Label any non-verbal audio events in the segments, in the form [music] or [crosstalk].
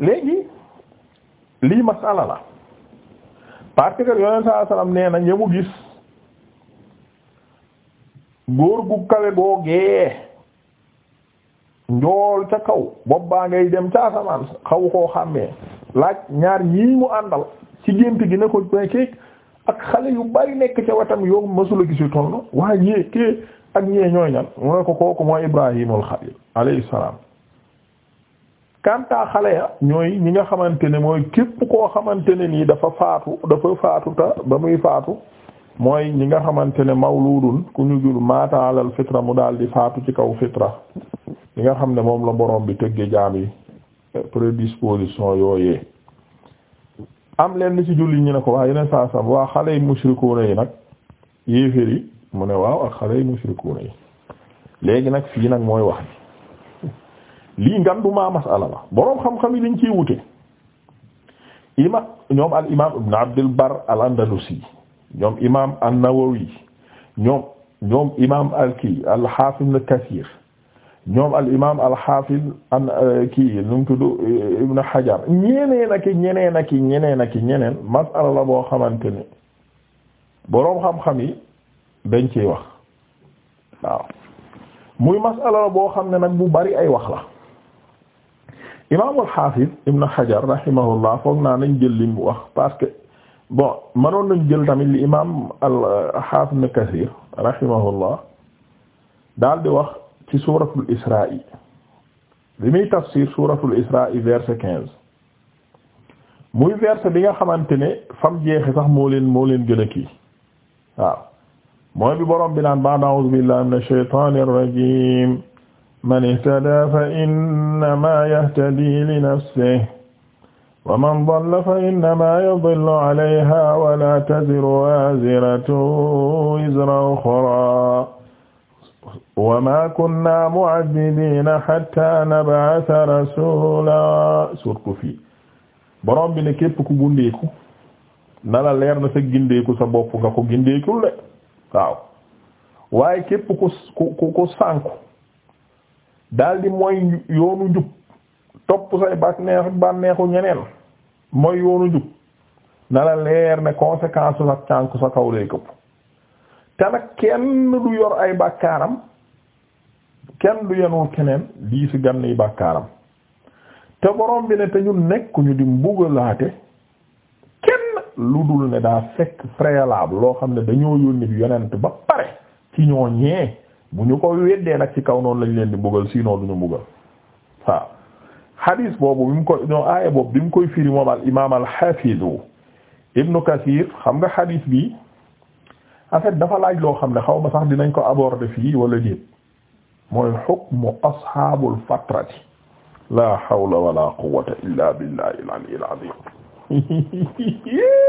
léegi lii masala la parce que yonent saa nee na ñëmu gis góor gu kawe googee njool ca kaw bopp baa ngay dem ca asamaan xaw koo xàmmee laaj ñaar ñii mu àndal ci gént gi ne ko kii ak xale yu bari nekk ca wetam yoo mësula gis yu toll waaye ñii ak ñee ñooy ñan mu ne ko kooku mooy Ibrahimul Xalil alayhi salaam kanta xale ya ñooy ñi nga xamante ne mooy képp koo xamante ne nii dafa faatu dafa faatu ta ba muy faatu mooy ñi nga xamante ne mawludun ku ñu jur maata alal fitra mu daal di faatu ci kaw fitra ñi nga xam ne moom la borom bi tëgge jaam yi prédisposition yooyee am leen ni ci julli ñu ne ko waa yeneen saa sam waa xale yi mushrikuuna yi nag yéeféer yi mu ne waaw ak xale yi mushrikuuna yi léegi nag fii nag mooy wax lii ngan du maa masala la boroom xam-xam yi dañ ciy wute ima ñoom al imam ibn abdul bar al andalusi ñoom imam an-nawawi ñoom ñoom imam al kii al hafiz ibn kathir ñoom al imam al hafiz an eh, kii nu mu tudd eh, ibn hajar ñeneen ak ñeneen ak ñeneen ak ñeneen masala la boo xamante ne boroom xam-xam yi dañ ci wax waaw muy masala la boo xam ne nag bu bari ay wax la imaamul xaafis ibn Hajar rahimahullah foog naa nañ jël li mu wax parce que bon manoon nañ jël tamit li imaam al-Haafiz ibn Kasiir rahimahullah daal di wax ci suuratul Israa bi muy tafsir suuratul Israa verset quinze muy verset bi nga xamante ne fam jeexe sax moo leen moo leen gën a kii waaw mooy bi borom bi naan ba'da a'uuzu billaahi rajiim man ihtada fa innama yahtadi li nafsihi wa man dalla fa innama yadillu alayha wa la taziru waziratun wizra ukhra wa ma kunna mu'azzibina hatta nab'atha rasula surtout fii borom bi ne képp ku gundeeku na la leer na sa gindeeku sa bopp nga ko gindeekul de waaw waaye képp ku ku ku sànku daldi mooy yoonu njub topp say bànneexu ñeneen mooy yoonu njub na la leer ne conséquence sa cànk sa kaw lay këpp te nag kenn du yor ay bàkkaaram kenn du yenul keneen lii si gan bàkkaaram te borom bi ne te ñu nekkuñu di mbugalaate kenn lu dul ne daa fekk préalable loo xam ne dañoo yónni bi yonent ba pare ci ñoo bu ñu ko weddee nag ci kaw noonu lañu leen di mbugal sinon ñu mbugal waaw xadiis boobu bi mu koy ñoo aaya boobu bi mu koy firi moom al ibnu Kathir xam nga xadiis bi en dafa laaj loo xam ne xaw ma sax dinañ ko aborder fii wala déet mooy xukmu asxaabul fatrati la hawla wala quwwata illa billahi al aliyyil azim [laughs]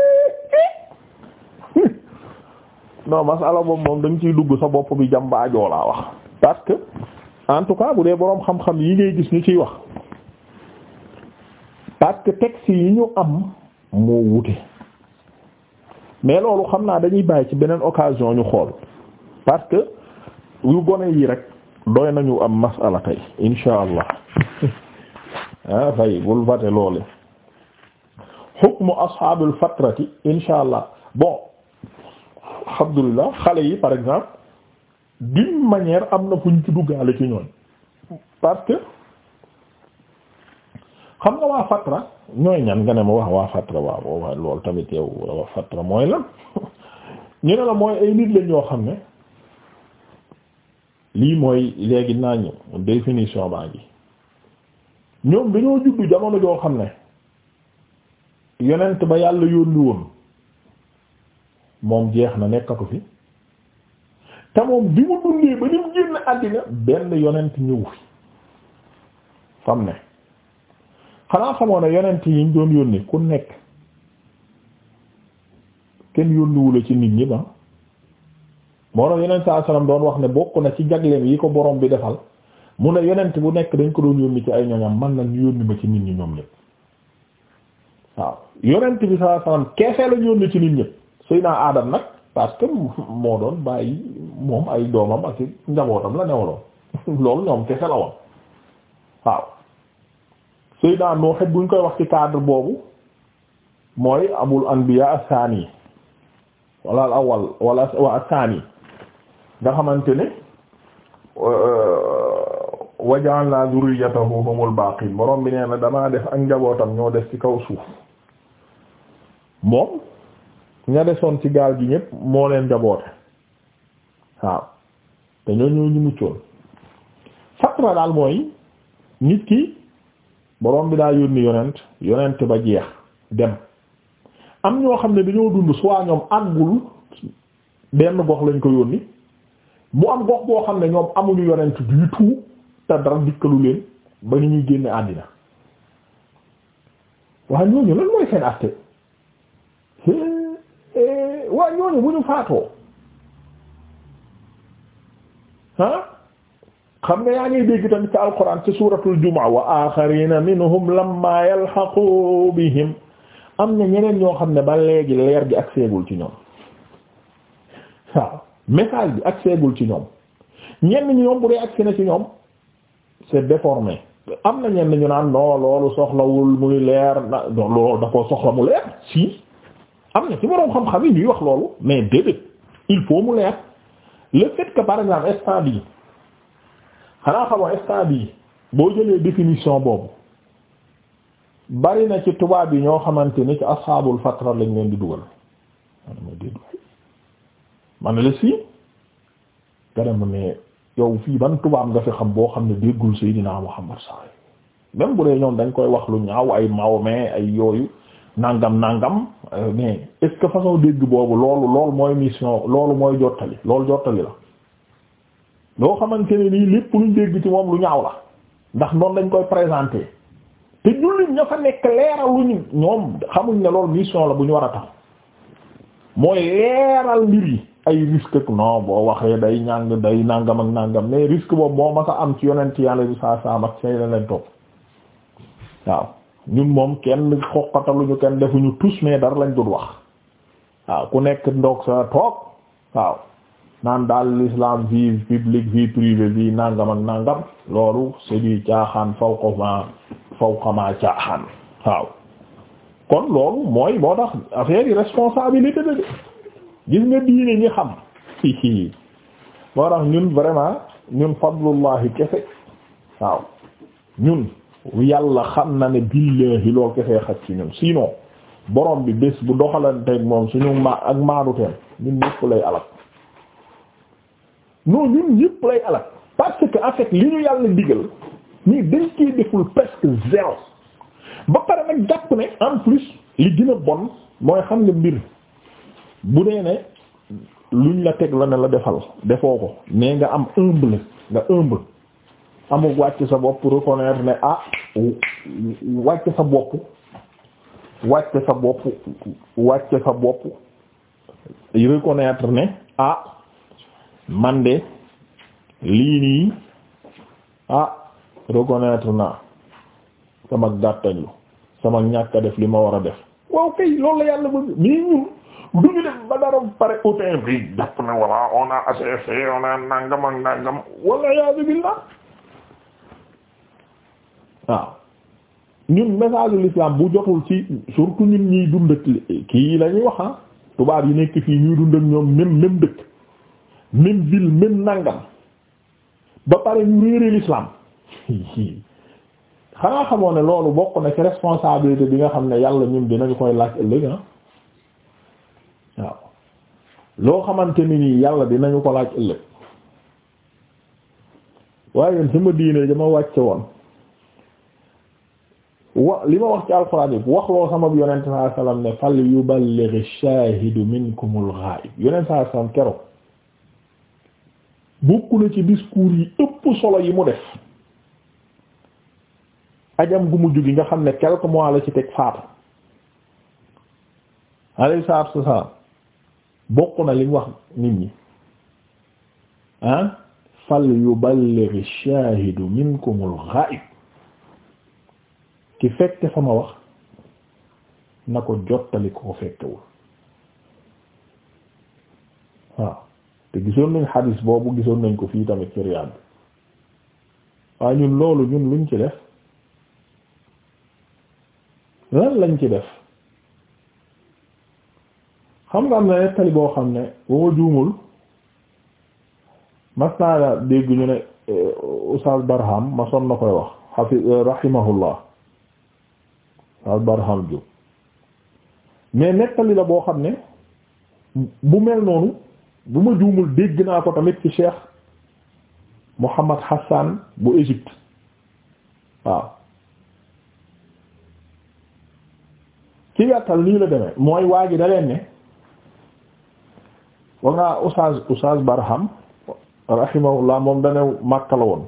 non masala boobu moom da nga ciy dugg sa bopp bi jàmbaajoo laa wax parce que en tout cas bu dee boroom xam-xam yi ngay gis ñu ciy wax parce que texte yu ñu am moo wute mais loolu xam naa dañuy bàyyi ci beneen occasion ñu xool parce que yu gone yi rek doy nañu am masala tey insha allah [laughs] ah fay bul vate loole hukmu ashabul fatrati insha allah bon alhamdulilah xale yi par exemple d'une am na fu ñu ci duggaale ci ñooñ parce que xam nga waa fatra ñooy ñan nga ne mooy lan [laughs] ñu ne ay nit lañ yoo xam ne lii mooy léegi naa ñu définition baa ngi ñoom dañoo juddu jamono joo xam ne yonent ba yàlla yónni woon moom jeex na nekkatu fi te moom bi mu dundee ba ni mu génn àddina benn yonent ñëw fi fam ne xanaa xamoo ne yonent yi ñu doon yónni ku nekk kenn yónniwula ci nit ñi ba moo tax yonent saa salaam doon wax ne bokk na ci jagleem yi ko borom bi defal mu ne yonent bu nekk dañ ko doon yónni ci ay ñoñam man nag ñu yónni ma ci nit ñi ñoom ñëpp waaw yonent bi saa salaam keesee lañ yónni ci nit ñëpp Seydina Adam nag parce que moo doon bàyyi moom ay doomam ak njabootam la newaloon [laughs] loolu ñoom kese la woon waaw Seydina Nuux xet buñ koy wax ci cadre boobu mooy abul anbiya as-sani wala al awal wala wa as nga xamante ne euh, wa ja'alna zurriyatahu humul baqin borom bi nee na damaa def ak njabootam ñoo def ci kaw suuf moom ña desoon ci gaal gi ñëpp moo leen jaboote waaw te ñoo ñu muccoon fatra daal mooy nit ki borom bi daa yónni yonent yonent ba jeex dem am ñoo xam ne dañoo dund soit ñoom àggul benn gox lañ ko yónni mu am gox boo xam ne ñoom amuñu yonent du tout te dara dikkalu leen ba ni ñuy génne àddina waaye ñooñu lan mooy seen àtte waa ñooñu bu ñu faatoo ah xam nga yaa ngi dégg tamit ci alquran ci suuratul jumaa wa aaxarina minhum lamma yalhaqu bihim am na ñeneen ñoo xam ne ba léegi leer bi ak seegul ci ñoom waaw bi ak seegul ci ñoom ñenn ñoom bu dee agsi na ci ñoom c'est déformé am na ñenn ñu naan non loolu soxlawul muy leer na loolu da ko soxla mu leer si am na ci boroom xam-xam yi ñuy wax loolu mais déedéet il faut mu leer le fait que par exemple instant bii xanaa xamoo instant bii boo jëlee définition boobu bari na ci tubaab yi ñoo xamante ni ci asxaabul fatra lañ leen di dugal ma déedéet man la si ganama mais yow fii ban tubaab nga fi xam boo xam ne déggul Seydina Muhammad sallallahu même bu dee ñoom dañ koy wax lu ñaaw ay Mahomet ay yooyu nangam nangam euh, mais est façon dégg boobu loolu loolu mooy mission loolu mooy jottali loolu jottali la loo xamante ne nii lépp luñ dégg ci moom lu ñaaw la ndax noonu lañ koy présenter te jullit ña fa nekk leeral luñu ñoom xamuñ ne loolu mission la bu ñu war a tax mooy leeral mbir yi ay risque non boo waxee day ñàng day nangam ak nangam mais risque boobu moom ma am ci yonent yàlla bi saa saa ak say la leen topp waaw ñun moom kenn ñu kenn defuñu tus mais dara lañ doon wax waaw ku nekk ndoog sa toog waaw naan daal l'islam vie publique vie privée vie nangam ak nangam loolu c'est du caaxaan fawqa ma fawqa ma caaxaan waaw kon loolu mooy moo tax affaire yi responsabilité la de gis nga diine ñi xam [laughs] moo tax ñun vraiment ñun fadlullahi kefe waaw ñun yàlla xam na ne billahi lool kefee xaj ci ñun sinon borom bi bés bu doxalanteeg moom suñu ma ak maanuteem ñun ñëpp lay alak non ñun ñëpp lay alak parce que li ñu yàlla digal nii dañ koy deful presque zéro ba pare nag jàpp ne en plus li gën a bon mooy xam nga mbir bu dee ne luñ la teg la ne la defal defoo ko mais nga am humble nga humble amul wàcc sa bopp reconnaître ne ah wàcc sa bopp wàcc sa bopp wàcc sa bopp reconnaître ne ah man lii nii ah reconnaître naa sama gàttañlu sama ñàkk def li ma war a def waaw kay loolu la yàlla bëgg mii ñun du ñu def ba dara pare autin bi def na wala on a assez fait on a nangam ak nangam wala yaa bi waaw ñun message u bu jotul ci surtout ñun ñuy dund kii la ñuy wax ah, tubaab yi nekk fii ñuy dund ak ñoom même même dëkk même ville même nangam ba pare ñu réere l'islam [laughs] xanaa xamoo ne loolu bokk na ci responsabilité bi nga xam ne yàlla ñun dinañu koy laaj ëllëg ah ni nii yàlla dinañu ko laaj ëllëg waaye yéen sama diine dama wàcce woon wa li ma wax ci alxuraan yi wax loo sama yonent saa salaam ne fal yuballigh shaahidu minkumul ghaib yonent saa salaam keroog bokk na ci discours yi ëpp solo yi mu def ajam gu mujj gi nga xam ne quelques mois la ci teg faatu alayhi salaatu wassalaam bokk na li wax nit ñi ah yu yuballigh shaahidu minkumul ghaib ki fekke sama wax na ko jottali ko fekkewul waaw te gisoon nañ xadis boobu gisoon nañ ko fii tamit ci Riyad bi waaye ñun loolu ñun luñ ci def lan lañ ci def xam nga am na nettali boo xam ne boo juumul mas naa dégg ñu ne Oustaz eh, Barham ma son na koy wax hafiz eh, rahimahullah waaw Barham Diop mais nettali la boo xam ne bu mel noonu bu ma juumul dégg naa ko tamit ci Cheikh Mohammed Hassan bu Égypte waaw ci gàttal nii la demee mooy waa ji da leen ne wa ngaa Oustaz Oustaz Barham rahimahullah moom da ne Makka la woon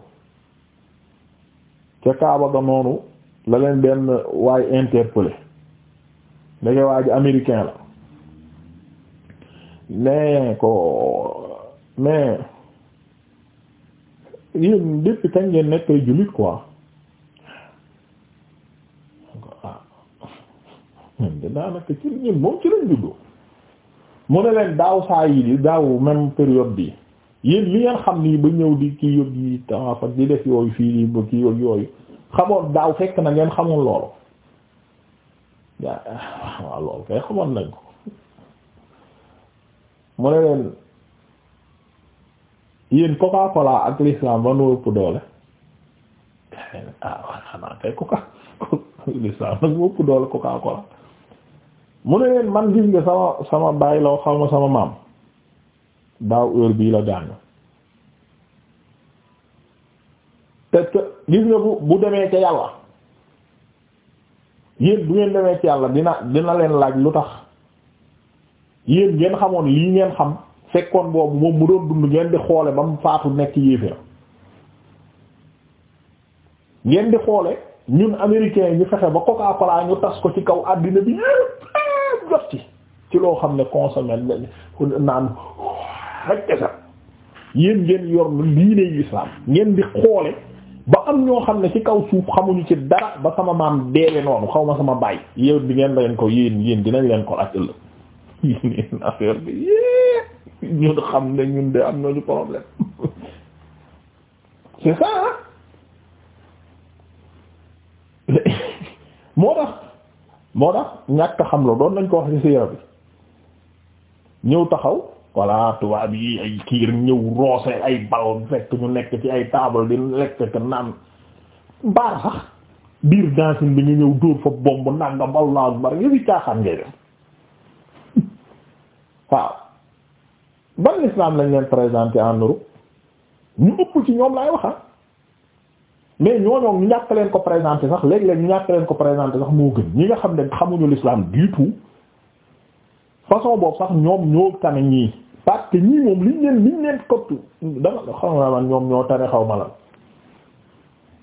ca Kaaba ga noonu la leen benn waay interpellé ndeke waa ji américain la nee ko mais yéen depuis kañ ngeen nekk ay jullit quoi ah daanaka ci ñun moom ci lañ juddoo mu ne leen daaw saa yi di daaw même période bi yéen li ngeen xam nii ba ñëw di kii yóg yi tawaf ak di def yooyu fii ba kii yóg yooyu xamoon daaw fekk na ngeen xamoon loolu kay xamoon nañ ko mu ne leen yéen Coca-Cola ak l'islam ba nu ëpp doole ah waaw xanaa kay Coca l'islam nag mu ëpp doole Coca-Cola mu ne leen man gis nga sama sama bàyyi law xaw ma sama maam daaw heure bii la gaañu gis nga bu bu demee ca yàlla yéen bu ngeen demee ci yàlla dina dina leen laaj lu tax yéen ngeen xamoon lii ngeen xam fekkoon boobu moom mu doon dund ngeen di xoole ba mu faatu nekk yéeféer ngeen di xoole ñun américains yi ñu fexe ba coca ñu tas ko ci kaw àddina bi yépp jot ci ci loo xam ne consommé naan ak kese yéen ngeen yor lu diine yu ngeen di xoole ba am ñoo xam ne ci kaw suuf xamuñu ci dara ba sama maam deewe noonu xaw ma sama baay yow bi ngeen leen ko yéen yéen dinañ leen ko laaj ëllëg [laughs] yéen affaire ñun xam ne ñun de am nañu problème [laughs] c'est ça [laughs] moo tax moo tax ñàkk xam la doon nañ ko wax ci siira bi ñëw taxaw voilà tubaab yi ay kiir ñëw roose ay bal fekk ñu nekk ci ay table di lekk naan mbaar sax biir dancing bi ñu ñëw dóor fa bomb nangam allahu akbar yëfi caaxaan ngay def waaw ban l'islam lañ leen présenté en Europe ñu ëpp ci ñoom laay waxa ah. mais ñooñoo ñu ñàkk leen ko présenté sax léegi-léeg ñu ñàkk leen ko présenté sax moo gën ñi nga xam ne xamuñu l'islam du tout façon boobu sax ñoom ñoo tane ñii parce ñii moom liñ leen liñ leen kottu dama xaw ma man ñoom ñoo tane xaw ma la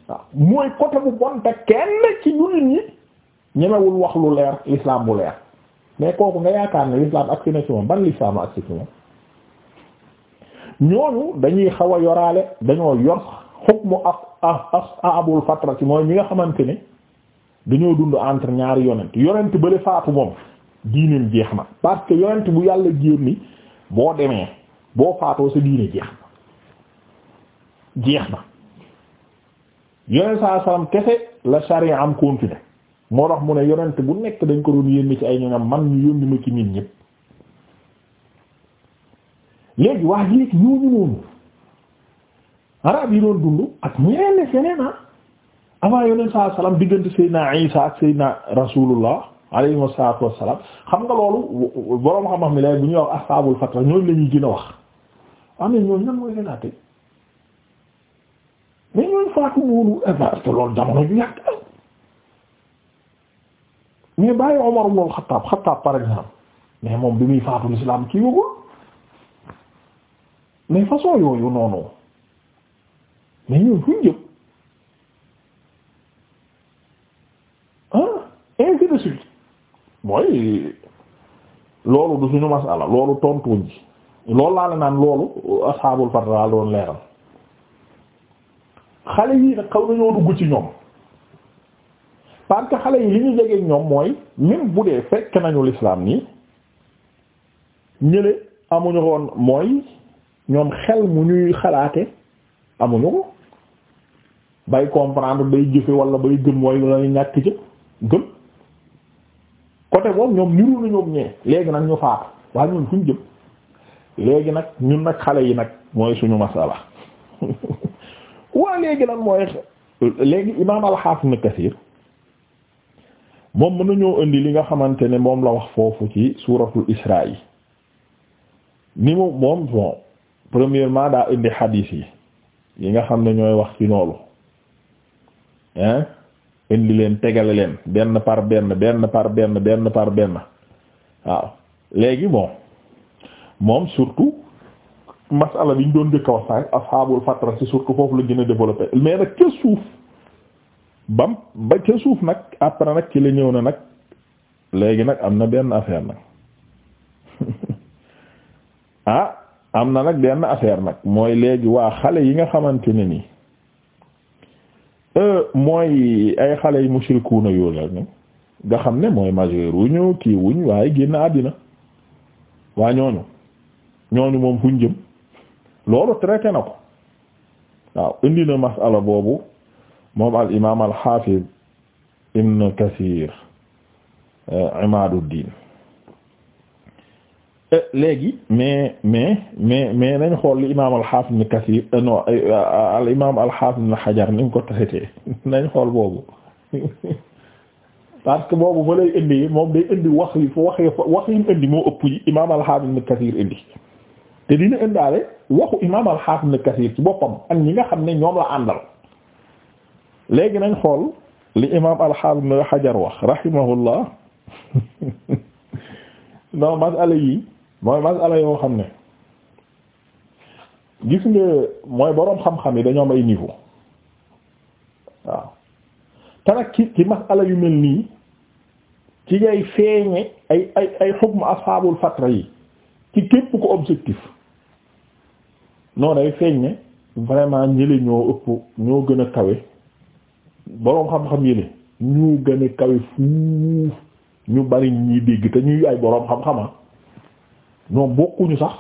waaw mooy côté bu bon te kenn ci jullit ñi ñemewul wax lu leer l'islam bu leer mais kooku nga yaakaar ne l'islam ak si na ci moom ban l'islam ak si ci moom ñooñu dañuy xaw a yoraale dañoo yor xukmu ak ak abul fatra ci mooy ñi nga xamante ne dañoo dund entre ñaari yonent yonent bële faatu moom diineem jeex na parce que yonent bu yàlla génni boo demee boo faatoo sa diine jeex na jeex na yonent saa salaam kese la sharia am continué moo tax mu ne yonent bu nekk dañ ko doon yónni ci ay ñoñam man ñu yónni ma ci nit ñëpp léegi waa léegi ñooñu noonu arab yi doon dund ak ñeneen ne feneen ah avant yonent salaam diggante Seydina Isa ak Seydina Rasulullah alayhi salaatu wassalaam xam nga loolu borom xam-xam mi lay bu ñuy wax ashaabul fatra ñooñu la ñuy gën a wax amee ah, ñooñu ñan mooy gën a tey mais ñooñu faatu woonu mais bàyyi Omar ibn al-Khattab par exemple mais moom bi muy faatu l'islam kii wagul mais façon yooyu noonu mais ñun fuñ jëm ah mooy loolu du suñu masala loolu tontuñ ci loolu laa naan loolu asxaabul fatra laa doon leeral xale yii nag xaw nañoo dugg ci ñoom parce xale yi li ñu jege ñoom mooy même bu dee fekk nañu l'islam nii ñële amuñu woon mooy ñoom xel mu ñuy xalaate amuñu ko bay comprendre bay jëfe wala bay gëm mooy la ñàkk ci gëm côté boobu ñoom niru na ñoom ñee léegi nag ñu faatu waaye ñun fuñ jëm léegi nag ñun nag xale yi nag mooy suñu masala [laughs] waa léegi nag mooy léegi imaam al-Hafiz Ibn moom mën nañoo indi li nga xamante ne moom la wax foofu ci suuratul Isra yi ni mu moom bon premièrement daa indi xadiis yi yi nga xam ne ñooy wax ci loolu hein indi leen tegale leen benn par benn benn par benn benn par benn waaw léegi bon moom surtout masala bi ñu doon njëkk a wax sax ashabul fatra ci surtout foofu la gën a développé mais nag ca suuf bam ba ca suuf nag après nag ci la ñëw na nag léegi nag am na benn affaire nag [laughs] ah am na nag benn affaire nag mooy léegi waa xale yi nga xamante ne nii Euh, mooy ay xale yu mushrikuuna yooyu la nga xam ne mooy majeur wuñu kii wuñ waaye génn àddina waa ñooñu ñooñu moom fuñ jëm loolu traité na ko waaw indi masala boobu moom al imaam al xaafid ibn Kathir euh, Imaaduddin léegi mais mais mais mais nañ xool li imaam al-Hafiz ibn Kathir euh, non euh, al imaam al-Hafiz ibn Hajar ni mu ko traité [laughs] nañ xool boobu [laughs] parce que boobu fa lay indi moom day indi wax yi fa wax wax yi mu indi moo ëpp yi imaam al-Hafiz ibn Kathir indi te dina indaale waxu imaam al-Hafiz ibn Kathir ci boppam ak ñi nga xam ne ñoom la àndal léegi nañ xool li imaam al-Hafiz ibn Hajar wax rahimahullah [laughs] non masala yi mooy masala yoo xam ne gis nga mooy boroom xam-xam yi dañoo am ay niveau waaw te nag ci ci masala yu mel nii ci ngay feeñe ay ay ay xukmu asxaabul fatra yi ci képp ko objectif noonu ay feeñ ne vraiment ñële ñoo ëpp ñoo gën a kawe boroom xam-xam yi ñoo gën a kawe fuuf ñu bari ñi dégg te ñuy ay boroom xam-xama ah. ñoom bokkuñu sax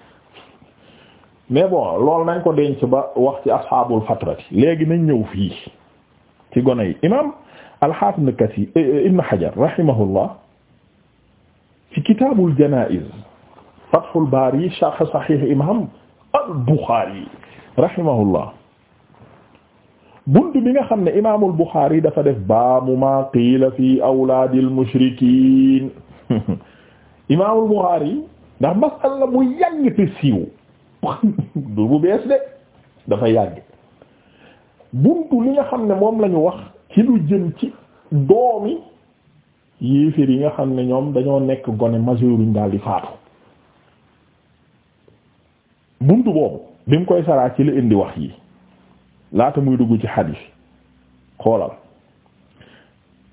[laughs] mais bon loolu nañ ko denc ba wax ci asxaabul fatrati léegi nañ ñëw fii ci gone yi imaam al-Hafiz Ibn Kathir eh, eh, Ibn Hajar rahimahullah ci kitaabul janaa'iz Fathul Baari sharh Sahih imaam al-Bukhari rahimahullah bunt bi nga xam ne imaamul Bukhari dafa def baabu maa qiila fii awlaadil mushrikiin [laughs] imaamul Buxaari ndax masala bu yàgg te siiw [laughs] du bu bees de dafa yàgg buntu li nga xam ne moom lañu wax ci lu jëm ci doomi yéeféer yi nga xam ne ñoom dañoo nekk gone majeuruñ daal di faatu buntu boobu bi mu koy saraa ci la indi wax yi laata muy dugg ci xadiis xoolal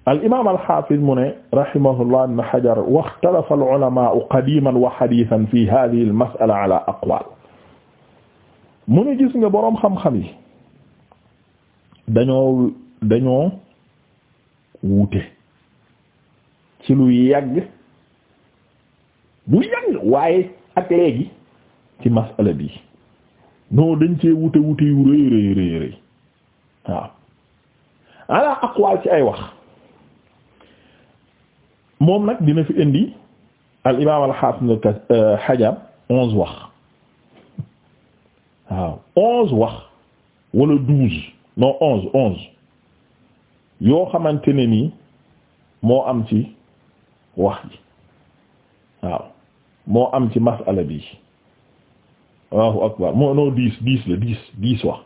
al imaam al xaafiz mu ne rahimahullah ibn Hajar waxtalafa al ulamaa'u qadiiman wa hadiisan fi haadihi al mas'ala ala aqwaal mu ne gis nga boroom xam-xam yi dañoo dañoo wuute ci lu yàgg bu yàgg waaye ak léegi ci mas'ala bi noo dañ cee wuute wuute yu rëy rëy rëy rëy waaw ala aqwaal ci ay wax. moom nag dina fi indi al imaam al xaafis xajaab euh, onze wax waaw onze wax wala douze non onze onze yoo xamante ne nii moo am ci wax ji waaw moo am ci masala bi Allahu akbar moo non dix dix la dix dix wax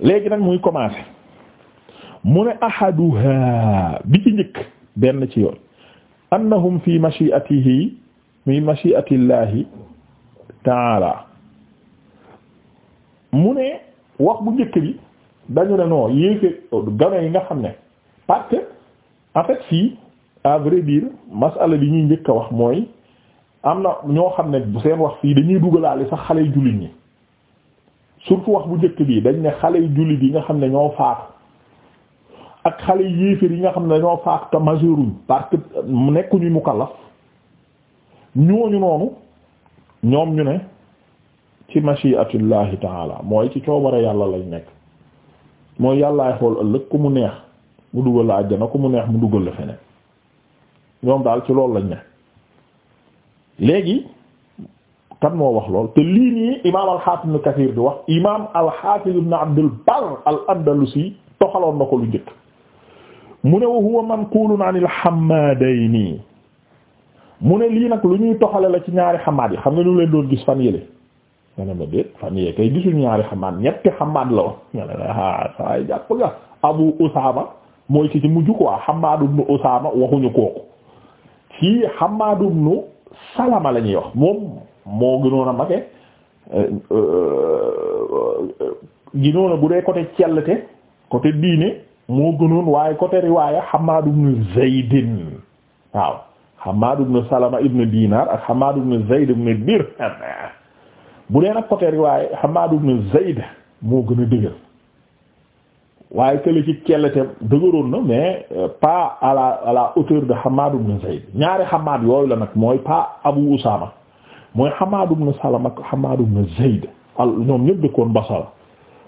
léegi nag muy commencer mu ne ahaduha bi ci njëkk benn ci yoon annahum fi mashiatihi fi mashiatillahi taala mu ne wax bu njëkk bi dañu ne non yéefee gane yi nga xam ne parce que fii à vrai dire masala bi ñuy njëkk a wax mooy am na ñoo xam ne bu seen wax fii dañuy dugalaale sax xale yu jullit ñi surtout wax bu njëkk bii dañ ne xale yu jullit yi nga xam ne ñoo faatu ak xale yéeféer yi nga xam ne dañoo faatu te majeuruñ parce que nekkuñu mukallaf ñooñu noonu ñoom ñu ne ci mashiatullahi taala mooy ci a yàlla lañ nekk mooy yàllaay xool ëllëg ku mu neex mu dugal la àjjana ku mu neex mu dugal la feneen ñoom daal ci loolu lañ ne léegi kan moo wax lool te lii nii imaam al-Hafiz Ibn Kathir di wax imaam al-Hafiz Ibn Abdul Barr al-Andalusi toxaloon na ko lu njëkk mu ne wa huwa manqulun an al-hammadayni mu ne lii nag lu ñuy toxale la ci ñaari xamaat yi xam nga ñu leen doon gis fan yële nga ne ma déet fan yee kay gisuñ ñaari xamaat ñetti xamaat la woon nga ne la ah, saa yi jàpp nga Abu Usaama mooy ci ci mujj quoi Hammaad ibnu Usaama waxuñu kooku ci Hammaad ibnu Salama la ñuy wax moom moo gënoon a mage eh, eh, eh, gënoon a bu dee côté cellete côté diine moo gënoon waaye côté riwaaya Hammaad ibn Zayd waaw Hammaad ibn Salama ibn Dinar ak Hammaad ibn Zayd ibn Dirham bu dee nag côté riwaaya Hammaad ibn Zayd moo gën a dëgër waaye kële ci kelletem dëgëroon na mais euh, pas à la hauteur de Hammaad ibn Zayd ñaari Hammaad yooyu la nag mooy pas Abu Usaama mooy Hammaad ibn Salama ak Hammaad ibn Zayd al ñoom ñëpp dëkkoon Basra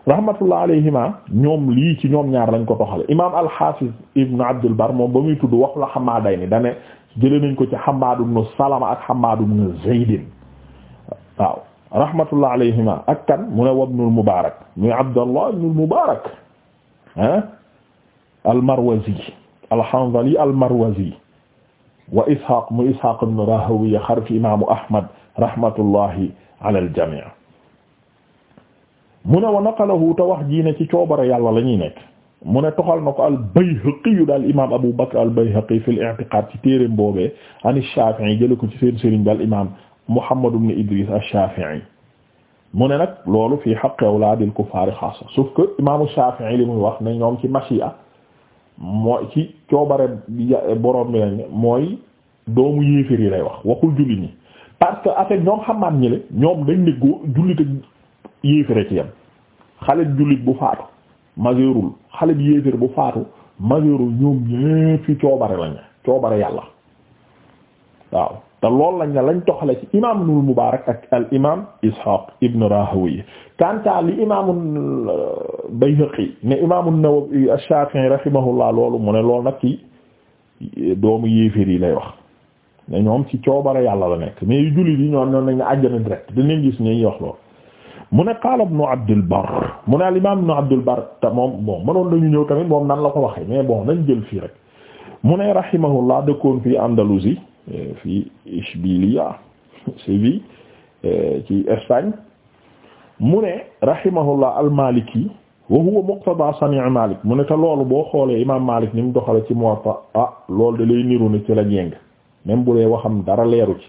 rahmatullah alayhima ñoom lii ci ñoom ñaar lañ ko toxale imaam al-Hafiz ibn Abdul Bar moom ba muy tudd wax la xamaaday ni dane jële nañ ko ci Hammad ibn Salama ak Hammad ibn Zayd waaw rahmatullah alayhima ak kan mu ne wabnul Mubarak muy Abdallah ibn Mubarak ah al-Marwazi al-Hanzali al-Marwazi wa Ishaq mu Ishaq ibn Rahawiya xaritu imaamu Ahmad rahmatullahi ala al-jami' mu ne wa naqalahu te wax jii ne ci coobara yàlla la ñuy nekk mu ne toxal na ko al Bayhaqi yu daal imaam Abu Bakr al Bayhaqi fil i'tiqaad ci téereem boobee an Shaafi'i jëlee ko ci seen sëriñ bi al imaam Muhammad ibn Idris ash-Shaafi'i mu ne nag loolu fii haqqi awlaadil kuffaar xaasa sauf que imaamu Shaafi'i li muy wax ne ñoom ci mashi'a mooy ci coobare borom bi lañ mooy doomu yéeféer yi lay wax waxul julli ñi parce que affaire ñoom xamaan ñi le ñoom dañ yéeféra ci yam xale jullit bu faatu majeurul xale bi bu faatu majeurul ñoom ñépp ci coobare lañ coobare yàlla waaw te lool lañ ne lañ toxale ci imam nul Mubarak ak al imam Ishaq ibn Rahawi kanta li imamul euh, Bayhaqi ne imamul Nawawi ash-Shafi'i rahimahullah loolu mu ne loolu nag ci euh, doomu yéefér yi lay wax ne ñoom ci coobare yàlla la nekk mais yu jullit yi ñoom ñoom nañ ne àjjana direct dinañ gis ñuy wax loolu mu ne qaala ibnu Abdul Barr mu ne al imaam ibnu Abdul Barr te moom bon mënoon nañu ñëw tamit moom nan la ko waxee mais bon nañ jël fii rek mu ne rahimahullah dëkkoon fii Andalousie eh, fii Ishbilia Séville [laughs] eh, ci Espagne mu ne rahimahullah al-Maliki wa huwa muqtada sani' Malik mu ne te loolu boo xoolee imaam Malik ni mu doxale ci Muwatta ah loolu da lay niru ne ci la jéng même bu dee waxam dara leeru ci.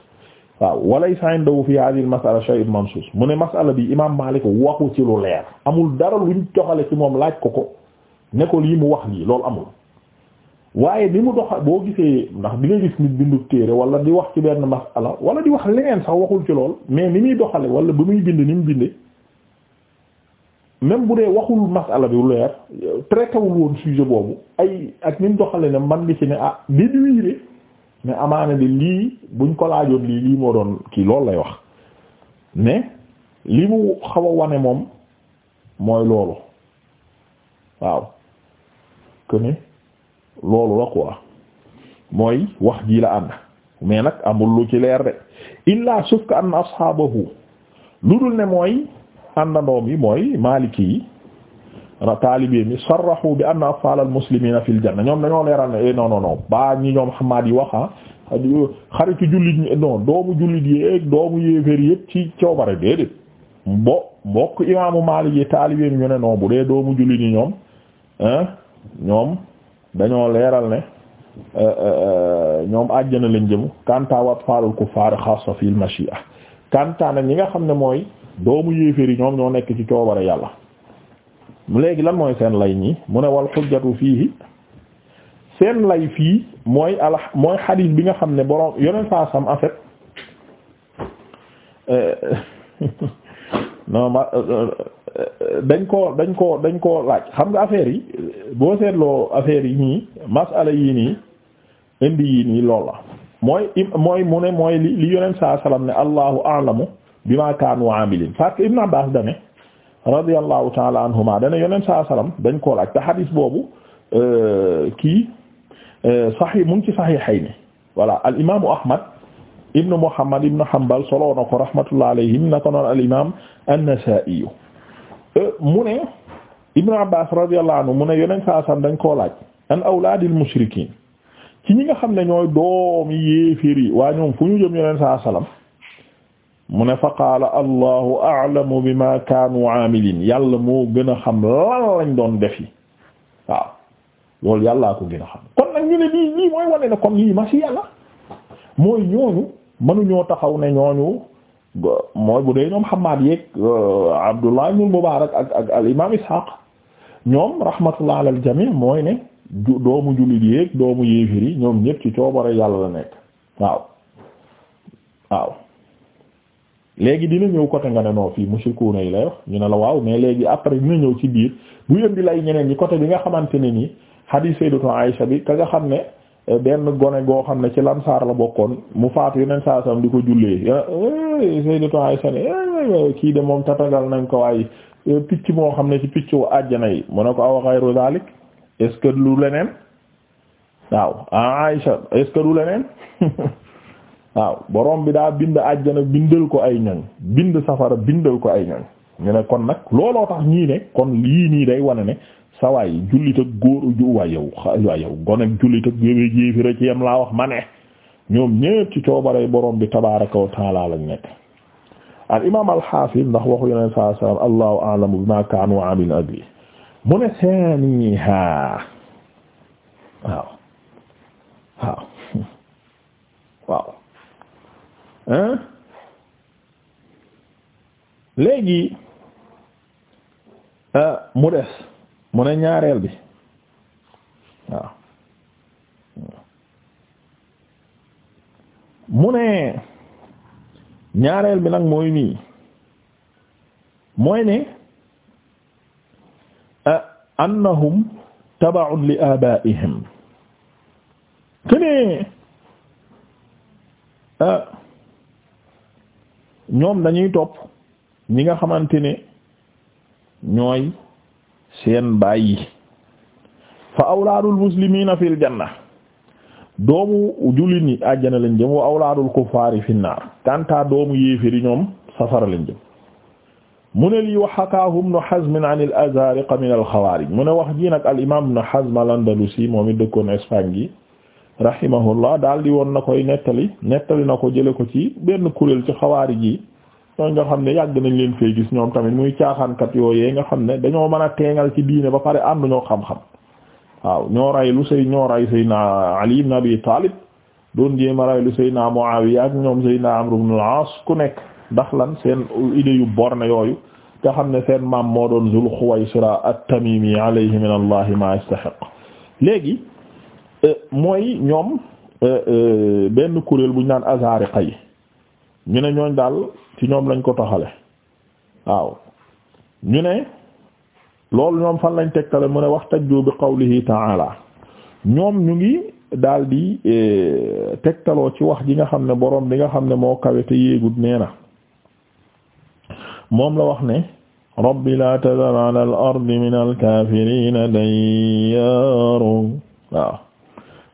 waaw walaysa indahu fi hadhihi al masala shay'un mansus mu ne masala bi imam Malik waxu ci lu leer amul dara luñ joxale ci moom laaj ko ko nekkool ko mu wax lii lool amul waaye ni mu doxa boo gisee ndax di nga gis nit bindu téere wala di wax ci benn masala wala di wax leneen sax waxul ci lool mais ni muy doxale wala ba muy bind ni mu binde même bu dee waxul masala bi lu leer traité wul woon sujet boobu ay ak ni mu doxale ne man ngi ci ne ah déduire mais amaana bi lii buñ ko laajoon lii lii moo doon kii loolu lay wax mais li mu xaw a wane moom mooy loolu waaw que ne loolu la quoi mooy wax jii la ànd mais nag amul lu ci leer de illa sauf que anna asxaabahu lu dul ne mooy àndandoom yi mooy maaliki yi taalibe mi sarrahu bi anna afal al muslimina fil janna ñoom dañoo leeral ne eh, non non non baa ñi ñoom xamaat yi waxa ah, euh, xaritu jullit ñi non doomu jullit yéeg doomu yéeféer yëpp ci coobare déedéet bo mbokk imaamu Maalik yi taalibe ñu ne non bu dee doomu jullit ñoom ñoom dañoo leeral ne euh, euh, ñoom àjjana lañ jëm kanta wa atfalul kuffar xassa fil mashia kanta nag ñi nga xam ne mooy doomu yéeféer yi ñoom ñoo nekk ci coobare yàlla léegi lan mooy seen lay ñi mu ne wal xujjatu fii seen lay fii mooy ala mooy xadiis bi nga xam ne boroom yoneen saa sam en dañ ko dañ ko dañ koo laaj xam nga affaire yi boo seetloo affaire yi nii masala yii nii indi yii nii lool la mooy mooy mu ne mooy li li yoneen saa salaam ne allahu a'lamu bima kaanu amilin parce Ibn Abbas dane radiyallahu taala anhuma dana yoneen saa salaam dañ koo laaj te xadis boobu euh, kii euh, saxi mu ngi ci saxiixayni voilà al imaamu Ahmad ibnu Muhammad ibnu Hanbal soloo na ko rahmatullah alayhim na ko noon al imaam an-Nasaa'i euh, mu ne Ibnu Abbaas radiyallahu anhu mu ne yoneen saa salaam dañ koo laaj an awlaadil mushrikiin ci ñi nga xam ne ñooy doomi yéeféer yi waa ñoom fu ñu jëm yoneen saa salaam mu ne fa qaala allahu a'lamu bima kaanu aamiliin yàlla moo gën a xam lan lañ doon defi waaw loolu yàllaa ko gën a xam kon nag ñu ne lii lii mooy wane ne kon lii ma ci yàlla mooy ñooñu mënuñoo taxaw ne ñooñu mooy bu dee ñoom Hammaad yeeg euh, Abdullah ibn Mubaarak ak ak al imaam Isxaaq ñoom rahmatullah alal jamii mooy ne doomu jullit yeeg doomu yéefir yi ñoom ñëpp ci coobare yàlla la nekk waaw waaw léegi dina ñëw côté nga ne non fii mushrikuuna yi lay wax ñu ne la waaw mais léegi après dina ñëw ci biir bu yëndi lay ñeneen ñi côté bi nga xamante ne nii hadith sayyidatu Aisha bi ka nga xam ne eh, benn gone goo xam ne ci lansaar la bokkoon mu faatu yeneen saa sam di ko jullee eh, sayyidatu Aisha ne eh, kii de moom tatagal nañ ko waaye picc moo xam ne ci picc wu àjjana yi mu ne ko aw xayru dalik est lu leneen waaw Aisha ah, est-ce leneen [laughs] waaw borom bi daa bind àjjana bindal ko ay ñoñ bind safara bindal ko ay ñoñ ñu ne kon nag looloo tax ñii ne kon lii nii day wane ne sawaay jullit ak góor waa yow waa yow gonek jullit ak yowee jéefira laa wax ma ne ñoom ñépp ci coobaree borom bi tabaaraka wa taala lañ nekk al imaam al ndax waxu yeneen saa salaam allahu a'lamu bima kaanu amil abi mu ne saaniha waaw waaw [laughs] waaw léegi euh, mu des mu ne ñaareel bi waaw mu ne ñaareel bi nag mooy nii mooy ne euh, annahum tabaun li abaihim kene euh, ñoom dañuy topp ñi nga xamante ne ñooy seen baay yi fa awlaadul muslimiina fil janna doomu jullit ñi àjjana lañ jëm wa awlaadul kuffaari fin naar kanta doomu yéefiri ñoom safara lañ jëm mu ne lii wa hakaahu ibnu Hazm an al-Azaariq min al mu ne wax ji nag al imaam ibnu Hazm al-Andalusi moom it gi rahimahullah daal di woon na koy nettali nettali na ko jële ko ci benn kuréel ci xawaari ji ñooñ nga xam ne yàgg nañ leen fay gis ñoom tamit muy caaxaankat yooyee nga xam ne dañoo mën a teengal ci diine ba pare ànd ñoo xam-xam waaw ñoo ray lu say ñoo ray sayna Ali ibn Abi Talib doon jéem a ray lu sayna Muawiya ak ñoom sayna Amr ibn al ku nekk ndax lan seen idée yu borne yooyu nga xam ne seen maam moo doon Zul Khuwaysira at ma yastahiq Euh, mooy ñoom euh, euh, benn kuréel bu ñu naan azariqa yi ñu ne ñooñ daal ci ñoom lañ ko toxale waaw ñu ne loolu ñoom fan lañ tegtale mu ne waxtajju bi qawlihi ta'ala ñoom ñu ngi daal di tegtaloo ci wax ji nga xam ne boroom bi nga xam ne moo kawe te yéegut nee na moom la wax ne rabbi la tadar ala al ardi min al kafirina waaw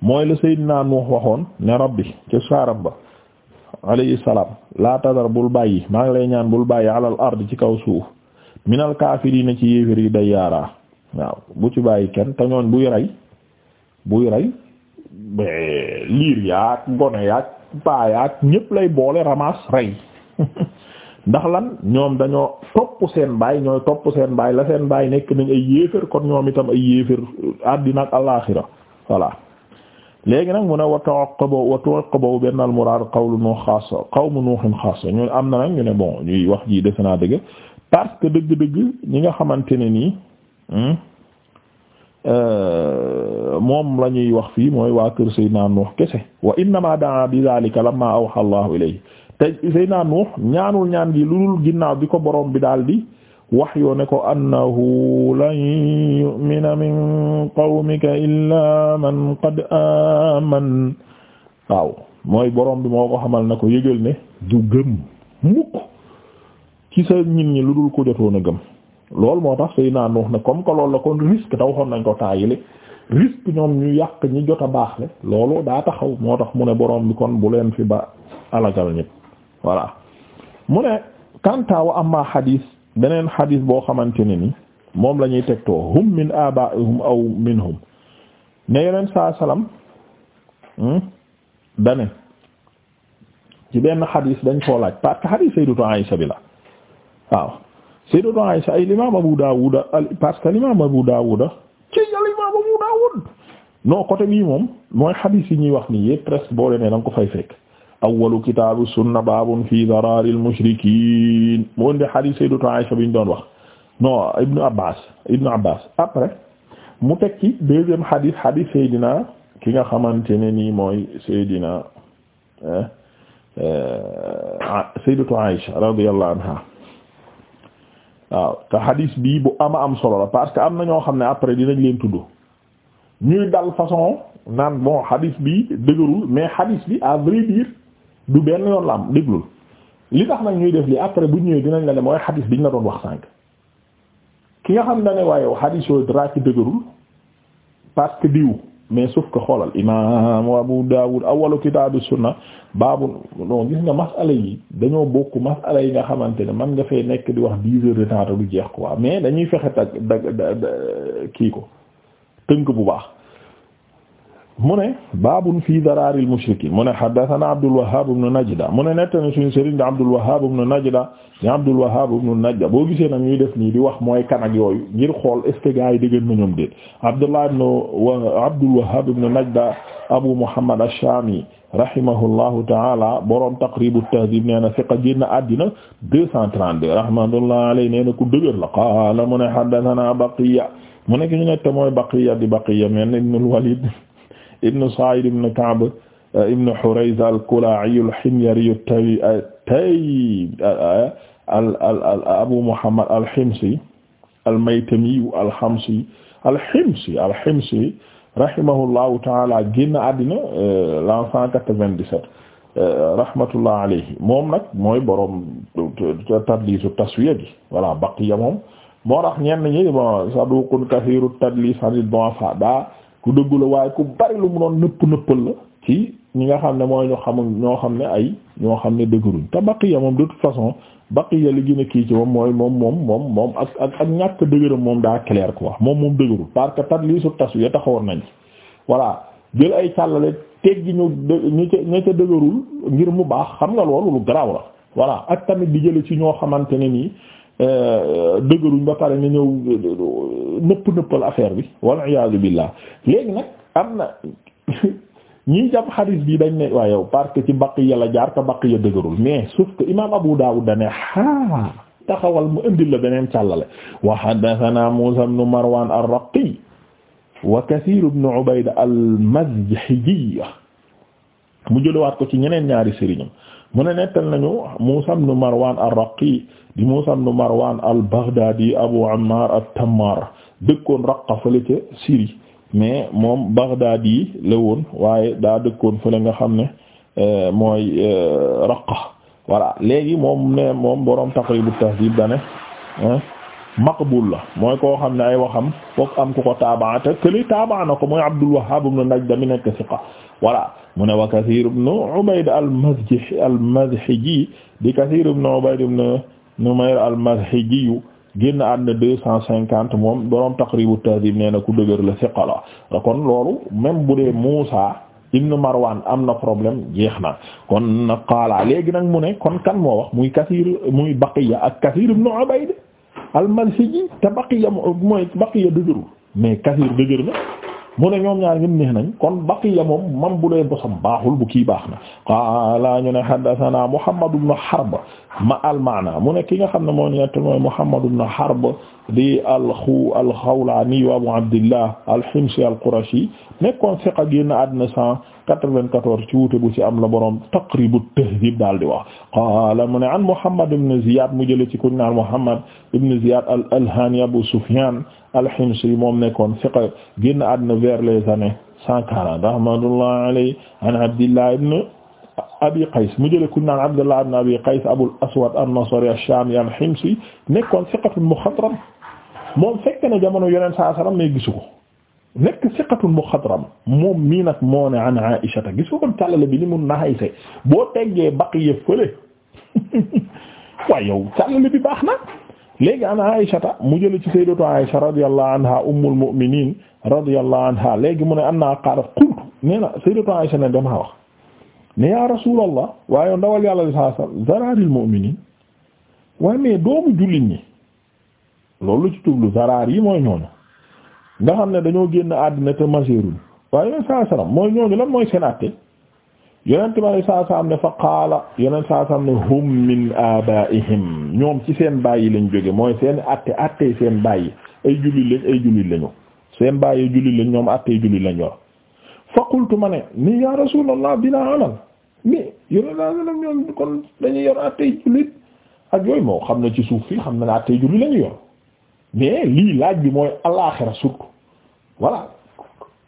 mooy la Seydina Nuux waxoon ne rabbi ca saaram ba alayhi salaam laa tadar bul bàyyi maa ngi lay ñaan bul bàyyi alal ard ci kaw suuf minal na ci yéefér yi day yaaraa waaw bu ci bàyyi kenn te ñooñ buy rey buy rey liir yaak gone yaak paa yaak ñépp lay boole ramasse rey [laughs] ndax lan ñoom dañoo topp seen baay ñooy topp seen baay la seen baay nekk nañ ay yéefér kon ñoom itam ay yéefér àddina ak alaaxira voilà léegi nag mu ne wa taqabu wa taqabu benn al muraad qawlu nuux xaasa qawmu nuuxin xaasa ñu am na nag ñu ne bon ñuy wax ji defe naa dëgg parce que dëgg-dëgg ñi nga xamante ne nii hmm, euh, moom lañuy wax fii mooy waa kër Seydina Nuux kese wa innama daa bi zalika lamma awha Allahu ilayhi te Nuux ñaanul ñaan gi lu dul ginnaaw bi ko boroom bi daal di waxyoo ne ko annahu lan yu'mina min qawmika illaa man qad aman waaw mooy borom bi moo ko xamal na ko yëgal ne du gëm mukk ci sa nit ñi lu dul ko jotoon a gëm loolu moo tax say naa wax ne comme que loolu la kon risque te waxoon nañ ko taayile risque ñoom ñu yàq ñi jot a baax le loolu daa taxaw moo tax mu ne borom bi kon bu leen fi ba alagal ñëpp voilà mu ne kanta wa amma xadiis beneen xadis boo xamante ne ni moom la ñuy tegtoo hum min abaihum aw minhum ne yeneen saa salaam dane ci benn xadis dañ koo laaj parce que xadis sayyidatu Aisha bi la waaw sayyidatu Aisha ay l'imam Abu Dawud parce que l'imam Abu Dawud ci l'imam Abu Dawud non côté bii moom mooy xadis yi ñuy wax nii yëpp presque boo leen ne da ko fay fekk awwalu kitaabu sunna baabun fi daraaril mushrikiin moo indi hadiis Sayyidatu Aisha bi ñu doon wax non Ibnu Abbas Ibnu Abbas après mu teg ci deuxième hadiis hadiis Seydina ki nga xamante ne nii mooy Seydina euh, ah, Sayyidatu Aisha radiyallahu anha waaw te hadiis bii bu ama am solo la parce que am na ñoo xam ne après dinañ leen tudd ñuy dal façon naan bon hadiis bi dëgërul mais hadiis bi à vrai du benn yoon la am déglul li tax nag ñuy def li après bu ñëwee dinañ la ne mooy xadis biñ la doon wax sànq ki nga xam ne ne waaye xadis yooyu dara ci dëgërul parce que diw mais sauf ko xoolal imam Abu Dawud awwalu kitaabu sunna baabu non gis nga masala yi dañoo bokk masala yi nga xamante ne man nga fay nekk di wax dix heures de temps du jeex quoi mais dañuy fexe tag da kii ko tënk bu baax mu ne baabun fii daraaril mushrikiin mu ne haddasanaa Abdul Wahhaab ibn Najda mu ne netta na suñu sëriñ di Abdul Wahhaab ibn Najda di Abdul Wahhaab ibn Najda boo gisee nag ñuy def nii di wax mooy kan ak yooyu ngir xool est-ce di gars yi dëggan na ñoom déet Abdullah ibn Abdul Wahhaab ibn Najda Abu Muhammad ash-Shaami rahimahullahu taala borom Taqrib at-Tahdhib nee na fiqa génn àddina 232 rahmatullahi alayhi nee na ku dëgër la qaala mu ne mu ne ki ñu netta mooy Baqiya di Baqiya men ibn al-Walid ibn Sa'id ibn Ka'b eh, ibn Hurayza al-Kula'i al-Himyari at-Tayy eh, eh, Abu Muhammad al-Himsi al-Maytami al-Hamsi al-Himsi al-Himsi rahimahullahu ta'ala génn àddina l'an 197 rahmatullah alayhi moom nag mooy borom tadlisu taswiya bi voilà baqiya moom moo tax ñenn ñi bon saduqun kathiru tadlis anil du'afa ku dëggu la waaye ku bari lu mu doon nëpp nëppal la ci ñi nga xam ne mooy ñu xamul ñoo xam ne ay ñoo xam ne dëgëruñ te baqiya moom de toute façon baqiya li gën a kii ci moom mooy moom moom moom moom ak ak ak ñàkk dëgëram moom daa clair quoi moom moom dëgërul parce que tat lii su tas ya taxawoon nañ voilà jël ay càllale teggi ñu ñu ca ñu ngir mu baax xam nga loolu lu garaaw la voilà ak tamit di jële ci ñoo xamante ne nii euh, dëgëruñ ba pare nga ñëw nëpp nëppal affaire bi wala iyaazu billah léegi nag am na [laughs] ñiy jàpp xadiis bi dañ ne waa yow parce que ci baqiya la jaar te baqiya dëgërul mais sauf que imaam Abu Daawud da ne taxawal mu indil la beneen càllale wa haddathana Muusaa ibn Marwaan ar-Raqi wa Kasiir ibn al-Mazhiji mu jëlewaat ko ci ñeneen ñaari sëriñam mu ne nettal nañu Muusaa ibn Marwaan ar-Raqi di Muusaa ibn Marwaan al-Baghdaadi Abu Ammaar at-Tammaar dëkkoon Raqqa fële ca Syrie mais moom Baghdad yi la woon waaye daa dëkkoon fële nga xam ne euh, mooy euh, Raqqa wala léegi moom ne moom borom Taqribu Tahdhib da la mooy koo xam ne ay waxam foog am ku ko taabaa te kële taabaa na ko mooy Abdul Wahhab ibn mi nekk siqa voilà mu ne wa Kathir ibn Ubayd al-Madhhiji al-Madhhiji di Kathir ibn Ubayd ibn Numayr al-Madhhiji génn àdduna deux cent cinquante moom borom Taqribu Tahdhib nee na ku dëgër la siqa la kon loolu même bu dee Muusa ibn Marwan am na problème jeex na kon na qaala léegi nag mu ne kon kan moo wax muy Kasiir muy Baqiya ak Kasiir ibn Ubayd al-Malsiji te Baqiya mooy Baqiya dëgëru mais Kasiir dëgër na mu ne ñoom ñaar ñun neex nañ kon baqiya moom mam bu dee bosam baaxul bu kii baax na qaala ñu ne haddathana Muhammad ibn Harb ma al maana mu ne ki nga xam ne moo ñu nett mooy Muhammad ibn Harb di alxu alxawlaani wa abu abdillah alximsi alqurashi nekkoon siqa génn àddina cent quatre-vingt-quatorze ci wuute bu ci am la boroom taqribu tahdib daal di wax qaala mu ne an muhammad ibn ziyad mu jële ci kuñ naan muhammad ibn ziyad al alhani abu sufyan alximsi moom nekkoon siqa génn àddina vers les années cent quarante rahmatullah alayhi an abdillah ibn abi qays mu jële kuñ naan abdullah ibn abi qays abul aswad an-nasri ash-shami al-himsi nekkoon siqatun muxadram moom fekk na jamono yoneen saa salaam ne gisu ko nekk siqatun muxadram moom mii nag moo ne an aisha ta gisu kon càllale bi ni mun naxayse boo teggee baqiya fële [laughs] waaye yow càllale bi baax na léegi an aisha ta mu jële ci sayyidatu aisha radiyallahu anha ummul mu'minin radiyallahu anha léegi mu ne anna qaalat qultu nee na sayyidatu aisha ne damaa wax ne yaa rasulallah waaye ndawal yàlla li saa salam zararil mu'minin waaye mais doomu jullit ñi loolu ci tublu zaraar yi mooy ñooñu nga xam ne dañoo génn àddina te maseeruñ waaye yonent saa mooy ñooñu lan mooy seen àtte yonent ma saa salam ne fa qaala yonent saa salam ne hum min abaihim ñoom ci seen bàyyi lañ jóge mooy seen àtte àtte seen bàyyi ay jullit lañ ay jullit lañu seen bàyyi jullit lañ ñoom àtte jullit lañ yor fa qultu ma ne nii ya rasulallah bi amal mais yone laa la ñoom kon dañuy yor attey jullit moo xam na ci suuf fii xam na ne attey jullit la ñu yor lii laaj bi mooy alaaxira surtout voilà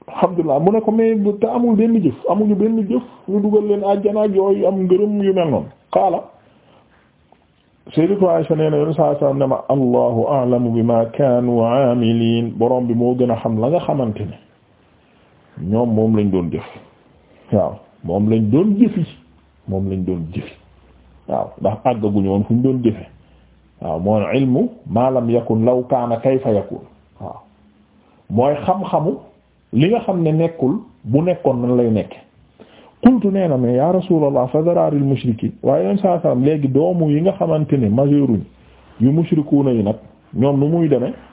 alhamdulilah mu ne ko mais te amul benn jëf amuñu benn jëf ñu dugal leen àjjana ak yooyu am ngërëm yu mel noonu qaala Sayyidatu Aisha nee na yoon saa saa ne ma allahu a'lamu bima kaanu aamiliin borom bi moo gën a xam la nga xamante ne ñoom moom lañ doon jëf waaw moom lañ doon jëfi moom lañ doon jëfi waaw ndax àggaguñu woon fu ñu doon jëfe waaw mooy ilmu kaana kayfa mooy xam-xamu li nga xam ne nekkul bu nekkoon nan lay nekk qultu nee na mais ya rasulallah fa dararil mushrikin waaye leen saa sallam léegi doomu yi nga xamante ne majeuruñ yu mushrikuuna yi nag ñoom nu muy demee